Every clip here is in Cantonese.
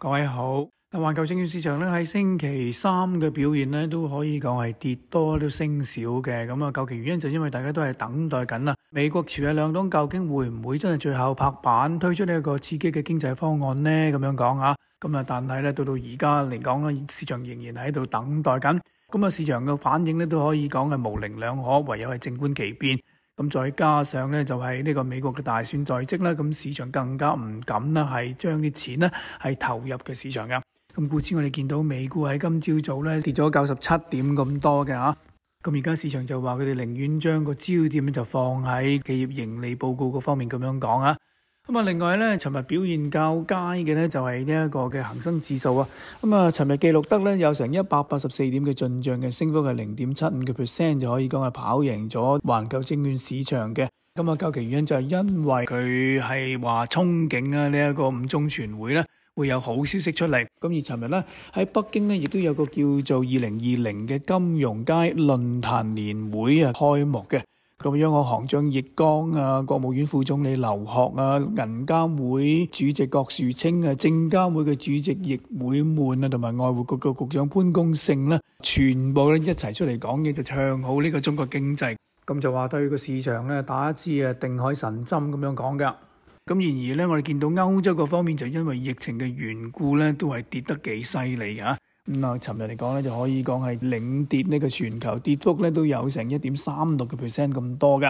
各位好，環球證券市場咧，喺星期三嘅表現咧都可以講係跌多都升少嘅咁啊。究其原因就因為大家都係等待緊啦，美國咗兩黨究竟會唔會真係最後拍板推出呢一個刺激嘅經濟方案呢？咁樣講啊，咁、嗯、啊，但係咧到到而家嚟講咧，市場仍然喺度等待緊，咁、嗯、啊，市場嘅反應咧都可以講係模棱兩可，唯有係靜觀其變。咁再加上咧，就係呢個美國嘅大選在即啦，咁市場更加唔敢啦，係將啲錢咧係投入嘅市場噶。咁故此，我哋見到美股喺今朝早咧跌咗九十七點咁多嘅吓。咁而家市場就話佢哋寧願將個焦點就放喺企業盈利報告嗰方面咁樣講啊。咁啊，另外咧，尋日表現較佳嘅咧，就係呢一個嘅恒生指數啊。咁、嗯、啊，尋日記錄得咧有成一百八十四點嘅進漲嘅升幅係零點七五嘅 percent 就可以講係跑贏咗環球證券市場嘅。咁、嗯、啊，究其原因就係因為佢係話憧憬啊呢一、這個五中全會咧會有好消息出嚟。咁、嗯、而尋日咧喺北京咧亦都有個叫做二零二零嘅金融街論壇年會啊開幕嘅。咁央行行長易綱啊，國務院副總理劉鶴啊，銀監會主席郭樹清啊，證監會嘅主席易會滿啊，同埋外匯局嘅局、局、局長潘功勝咧、啊，全部咧一齊出嚟講嘢，就唱好呢個中國經濟。咁、嗯、就話對個市場咧打一支啊定海神針咁樣講噶。咁然而咧，我哋見到歐洲嗰方面就因為疫情嘅緣故咧，都係跌得幾犀利啊。咁啊，尋日嚟講咧，就可以講係領跌呢個全球跌幅咧，都有成一點三六嘅 percent 咁多嘅。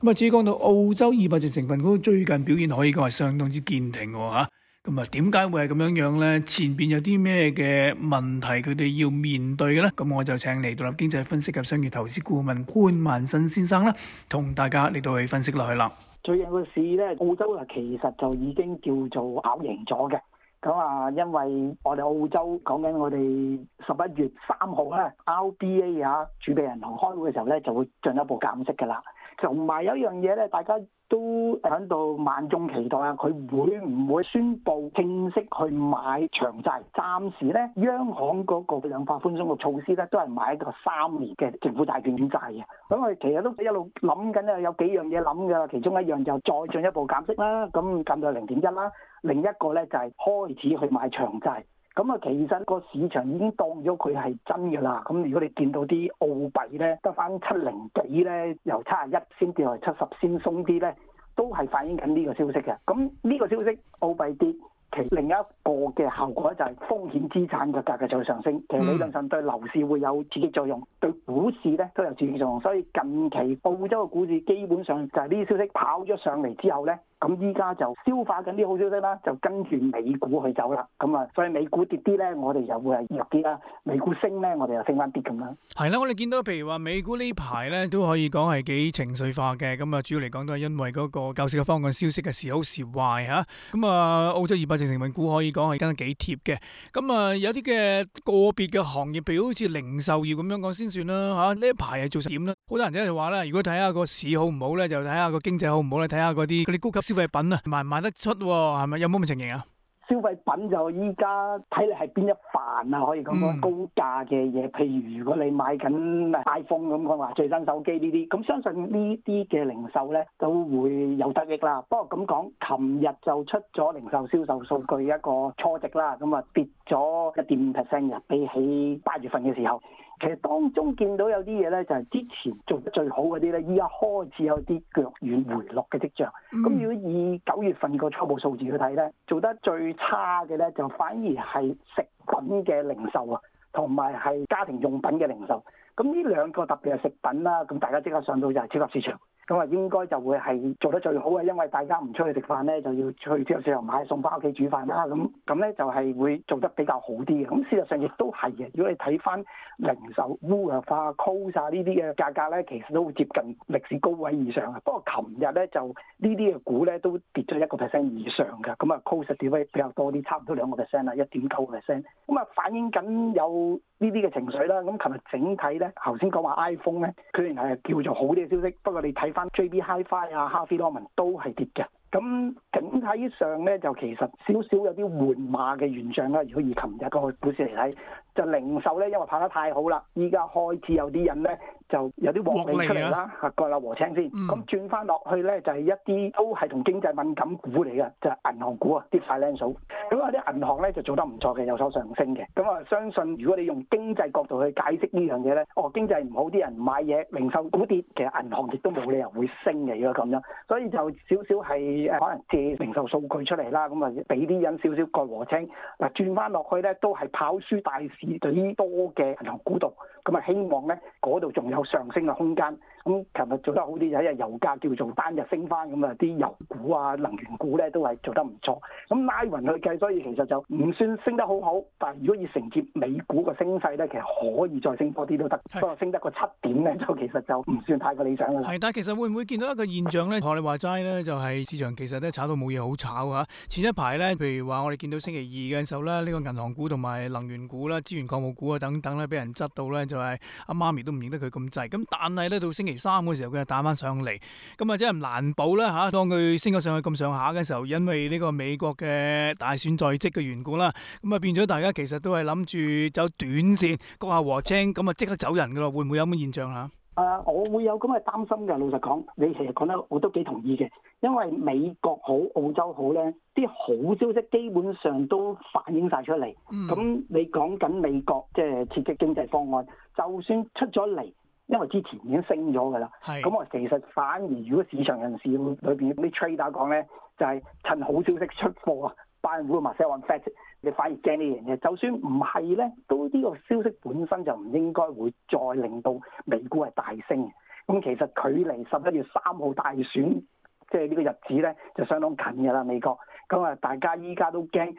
咁啊，至於講到澳洲二百隻成分股最近表現，可以講係相當之堅挺嘅嚇。咁啊，點解會係咁樣樣咧？前邊有啲咩嘅問題，佢哋要面對嘅咧？咁我就請嚟獨立經濟分析及商業投資顧問潘萬新先生啦，同大家嚟到去分析落去啦。最近嘅市咧，澳洲啊，其實就已經叫做拗贏咗嘅。咁啊，因為我哋澳洲講緊，我哋十一月三號咧，RBA 啊儲備銀行開會嘅時候咧，就會進一步減息嘅啦。同埋有一樣嘢咧，大家都喺度萬眾期待啊！佢會唔會宣布正式去買長債？暫時咧，央行嗰個量化寬鬆嘅措施咧，都係買一個三年嘅政府債券債嘅。咁佢其實都一路諗緊啊，有幾樣嘢諗㗎。其中一樣就再進一步減息啦，咁減到零點一啦。另一個咧就係開始去買長債。咁啊，其實個市場已經當咗佢係真㗎啦。咁如果你見到啲澳幣咧得返七零幾咧，由七啊一先跌落嚟七十先鬆啲咧，都係反映緊呢個消息嘅。咁呢個消息澳幣跌，其另一個嘅效果就係風險資產嘅價格,格就會上升。其實理論上對樓市會有刺激作用，對股市咧都有刺激作用。所以近期澳洲嘅股市基本上就係呢啲消息跑咗上嚟之後咧。咁依家就消化緊啲好消息啦，就跟住美股去走啦。咁啊，所以美股跌啲咧，我哋就會係弱啲啦；美股升咧，我哋又升翻啲咁樣。係啦，我哋見到譬如話美股呢排咧都可以講係幾情緒化嘅。咁啊，主要嚟講都係因為嗰個救市嘅方案消息嘅時好時壞嚇。咁啊，澳洲二百隻成分股可以講係跟得幾貼嘅。咁啊，有啲嘅個別嘅行業，譬如好似零售業咁樣講先算啦嚇。呢一排係做成點啦。好多人咧就話啦，如果睇下個市好唔好咧，就睇下個經濟好唔好咧，睇下嗰啲啲高級。消費品啊，賣唔賣得出係、啊、咪？有冇咁情形啊？消費品就依家睇嚟係邊一範啊？可以講講高價嘅嘢，嗯、譬如，如果你買緊 iPhone 咁講話最新手機呢啲，咁相信呢啲嘅零售咧都會有得益啦。不過咁講，琴日就出咗零售銷售數據一個初值啦，咁啊跌咗一點五 percent，比起八月份嘅時候。其實當中見到有啲嘢咧，就係之前做得最好嗰啲咧，依家開始有啲腳軟回落嘅跡象。咁、嗯、如果以九月份個初步數字去睇咧，做得最差嘅咧，就反而係食品嘅零售啊，同埋係家庭用品嘅零售。咁呢兩個特別係食品啦，咁大家即刻上到就係超級市場。咁啊，應該就會係做得最好嘅，因為大家唔出去食飯咧，就要出去超市又買餸返屋企煮飯啦。咁咁咧就係會做得比較好啲嘅。咁事實上亦都係嘅。如果你睇返零售、Woolworths、Coles 呢啲嘅價格咧，其實都會接近歷史高位以上嘅。不過琴日咧就呢啲嘅股咧都跌咗一個 percent 以上嘅。咁啊，Coles 跌得比較多啲，差唔多兩個 percent 啦，一點九個 percent。咁啊，反映緊有呢啲嘅情緒啦，咁琴日整體咧，頭先講話 iPhone 咧，佢仍然係叫做好啲嘅消息，不過你睇翻 JB Hi-Fi 啊、Harvey Norman 都係跌嘅。咁整體上咧就其實少少有啲緩慢嘅現象啦。如果以琴日個股市嚟睇，就零售咧因為拍得太好啦，依家開始有啲人咧就有啲獲利出嚟啦。啊，蓋樓和青先，咁轉翻落去咧就係、是、一啲都係同經濟敏感股嚟嘅，就係、是、銀行股啊跌晒懶數。咁啊啲銀行咧就做得唔錯嘅，有所上升嘅。咁啊相信如果你用經濟角度去解釋呢樣嘢咧，哦，經濟唔好啲人唔買嘢，零售股跌，其實銀行亦都冇理由會升嘅，如果咁樣，所以就少少係。可能借零售數據出嚟啦，咁啊俾啲人少少腳和清。嗱，轉翻落去咧都係跑輸大市，對於多嘅銀行股度，咁啊希望咧嗰度仲有上升嘅空間。咁琴日做得好啲，就係油價叫做單日升翻，咁啊啲油股啊能源股咧都係做得唔錯。咁拉勻去計，所以其實就唔算升得好好，但係如果要承接美股嘅升勢咧，其實可以再升多啲都得。不過是升得個七點咧，就其實就唔算太過理想啦。係，但係其實會唔會見到一個現象咧？我哋話齋咧，就係市場其實都炒到冇嘢好炒啊。前一排咧，譬如話我哋見到星期二嘅時候咧，呢個銀行股同埋能源股啦、資源礦物股啊等等咧，俾人執到咧，就係阿媽咪都唔認得佢咁滯。咁但係咧到星期三嘅時候，佢又打翻上嚟。咁啊，即係難保啦吓。當佢升咗上去咁上下嘅時候，因為呢個美國嘅大選在即嘅緣故啦，咁啊變咗大家其實都係諗住走短線，割下禾青，咁啊即刻走人嘅咯。會唔會有咁嘅現象啊？誒，uh, 我會有咁嘅擔心嘅。老實講，你其實講得我都幾同意嘅，因為美國好、澳洲好咧，啲好消息基本上都反映晒出嚟。咁、嗯、你講緊美國即係刺激經濟方案，就算出咗嚟，因為之前已經升咗㗎啦。係咁是，我其實反而如果市場人士裏邊啲 trader 講咧，就係、是、趁好消息出貨啊！反而會 mask one fact，你反而驚呢樣嘢。就算唔係咧，都呢個消息本身就唔應該會再令到美股係大升。咁其實距離十一月三號大選，即係呢個日子咧，就相當近嘅啦，美國。咁啊，大家依家都驚。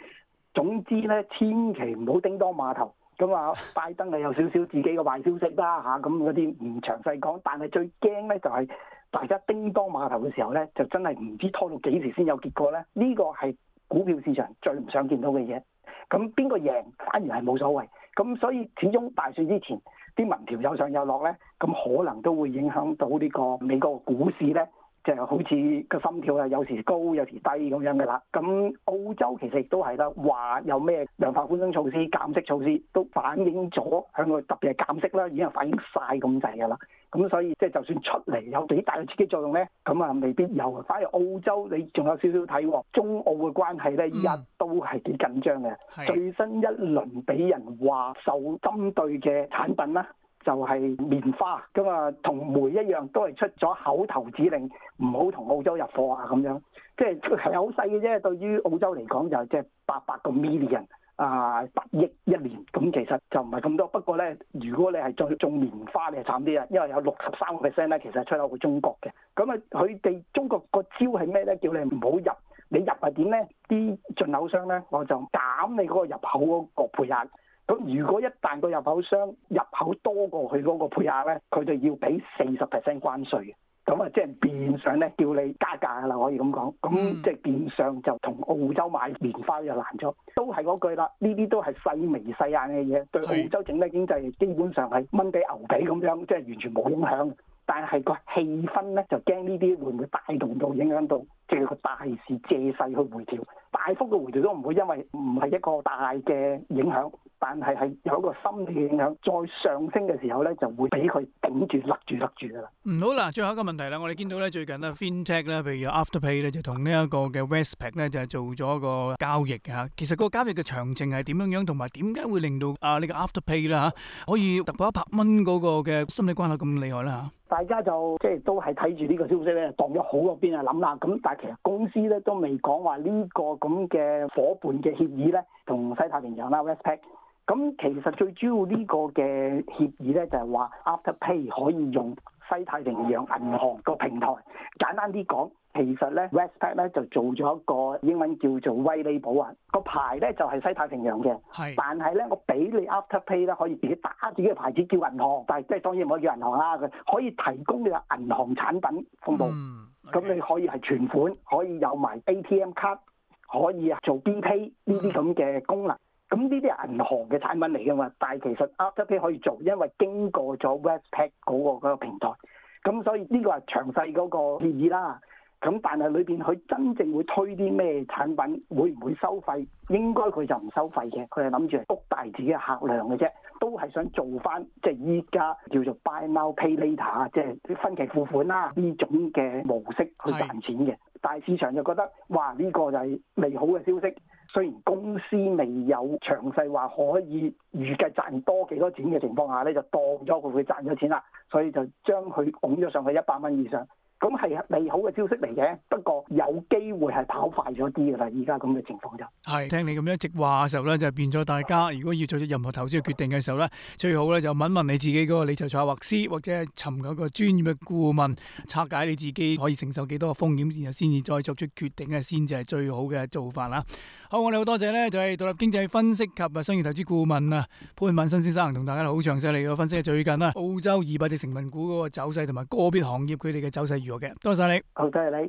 總之咧，千祈唔好叮噹碼頭。咁啊，拜登係有少少自己嘅壞消息啦嚇。咁嗰啲唔詳細講，但係最驚咧就係大家叮噹碼頭嘅時候咧，就真係唔知拖到幾時先有結果咧。呢個係。股票市場最唔想見到嘅嘢，咁邊個贏反而係冇所謂，咁所以始終大選之前啲民調有上有落咧，咁可能都會影響到呢個美國股市咧。就係好似個心跳啊，有時高有時低咁樣嘅啦。咁澳洲其實亦都係啦，話有咩量化寬鬆措施、減息措施，都反映咗向個特別係減息啦，已經係反映晒咁滯嘅啦。咁所以即係就算出嚟有幾大嘅刺激作用咧，咁啊未必有。反而澳洲你仲有少少睇，中澳嘅關係咧，日、嗯、都係幾緊張嘅。的最新一輪俾人話受針對嘅產品啦。就係棉花㗎嘛，同煤一樣，都係出咗口頭指令，唔好同澳洲入貨啊咁樣。即係係好細嘅啫，對於澳洲嚟講就即係八百個 million 啊，百億一年。咁其實就唔係咁多。不過咧，如果你係種種棉花你咧，慘啲啊，因為有六十三個 percent 咧，其實出口去中國嘅。咁啊，佢哋中國個招係咩咧？叫你唔好入，你入係點咧？啲進口商咧，我就減你嗰個入口嗰個配額。咁如果一旦個入口商入口多過佢嗰個配額咧，佢就要俾四十 percent 關稅，咁啊即係變相咧叫你加價噶啦，可以咁講。咁即係變相就同澳洲買棉花又難咗。都係嗰句啦，呢啲都係細眉細眼嘅嘢，對澳洲整體經濟基本上係蚊髀牛髀咁樣，即係完全冇影響。但係個氣氛咧就驚呢啲會唔會帶動到影響到即係個大市借勢去回調？大幅嘅回調都唔會，因為唔係一個大嘅影響，但係係有一個心理影響。再上升嘅時候咧，就會俾佢頂住、勒住、勒住啦。唔好啦，最後一個問題啦，我哋見到咧最近咧 FinTech 咧，譬如 Afterpay 咧，就同呢一個嘅 Westpac 咧就係做咗一個交易嘅。其實個交易嘅詳情係點樣樣，同埋點解會令到啊呢個 Afterpay 啦嚇可以突破一百蚊嗰個嘅心理關口咁厲害啦嚇。大家就即係都係睇住呢個消息咧，當咗好多邊啊諗啦。咁但係其實公司咧都未講話呢個。咁嘅伙伴嘅協議咧，同西太平洋啦 Westpac，咁其實最主要呢個嘅協議咧，就係話 Afterpay 可以用西太平洋銀行個平台。簡單啲講，其實咧 Westpac 咧就做咗一個英文叫做威利保啊，個牌咧就係西太平洋嘅。係，但係咧我俾你 Afterpay 啦，可以自己打自己嘅牌子叫銀行，但係即係當然唔可以叫銀行啦。佢可以提供你個銀行產品服務，咁、mm, okay, 你可以係存款，可以有埋 ATM 卡。可以啊，做 BPay 呢啲咁嘅功能，咁呢啲係銀行嘅產品嚟㗎嘛，但係其實 Alipay 可以做，因為經過咗 Westpac 嗰個嗰個平台，咁、那個、所以呢個係詳細嗰個協議啦。咁但係裏邊佢真正會推啲咩產品，會唔會收費？應該佢就唔收費嘅，佢係諗住係擴大自己嘅客量嘅啫，都係想做翻即係依家叫做 Buy Now Pay Later，即係啲分期付款啦呢種嘅模式去賺錢嘅。大市場就覺得，哇！呢個就係美好嘅消息。雖然公司未有詳細話可以預計賺多幾多錢嘅情況下咧，就當咗佢會賺咗錢啦。所以就將佢拱咗上去一百蚊以上。咁係啊，利好嘅消息嚟嘅，不過有機會係跑快咗啲噶啦，而家咁嘅情況就係聽你咁樣直話嘅時候咧，就變咗大家如果要做出任何投資嘅決定嘅時候咧，最好咧就問問你自己嗰個理財策劃師或者尋嗰個專業嘅顧問拆解你自己可以承受幾多嘅風險，然後先至再作出決定嘅先至係最好嘅做法啦。好，我哋好多謝呢就係獨立經濟分析及啊商業投資顧問啊潘萬新先生同大家好詳細嚟嘅分析最近啦，澳洲二百隻成分股嗰個走勢同埋個別行業佢哋嘅走勢。多謝你，好多謝你。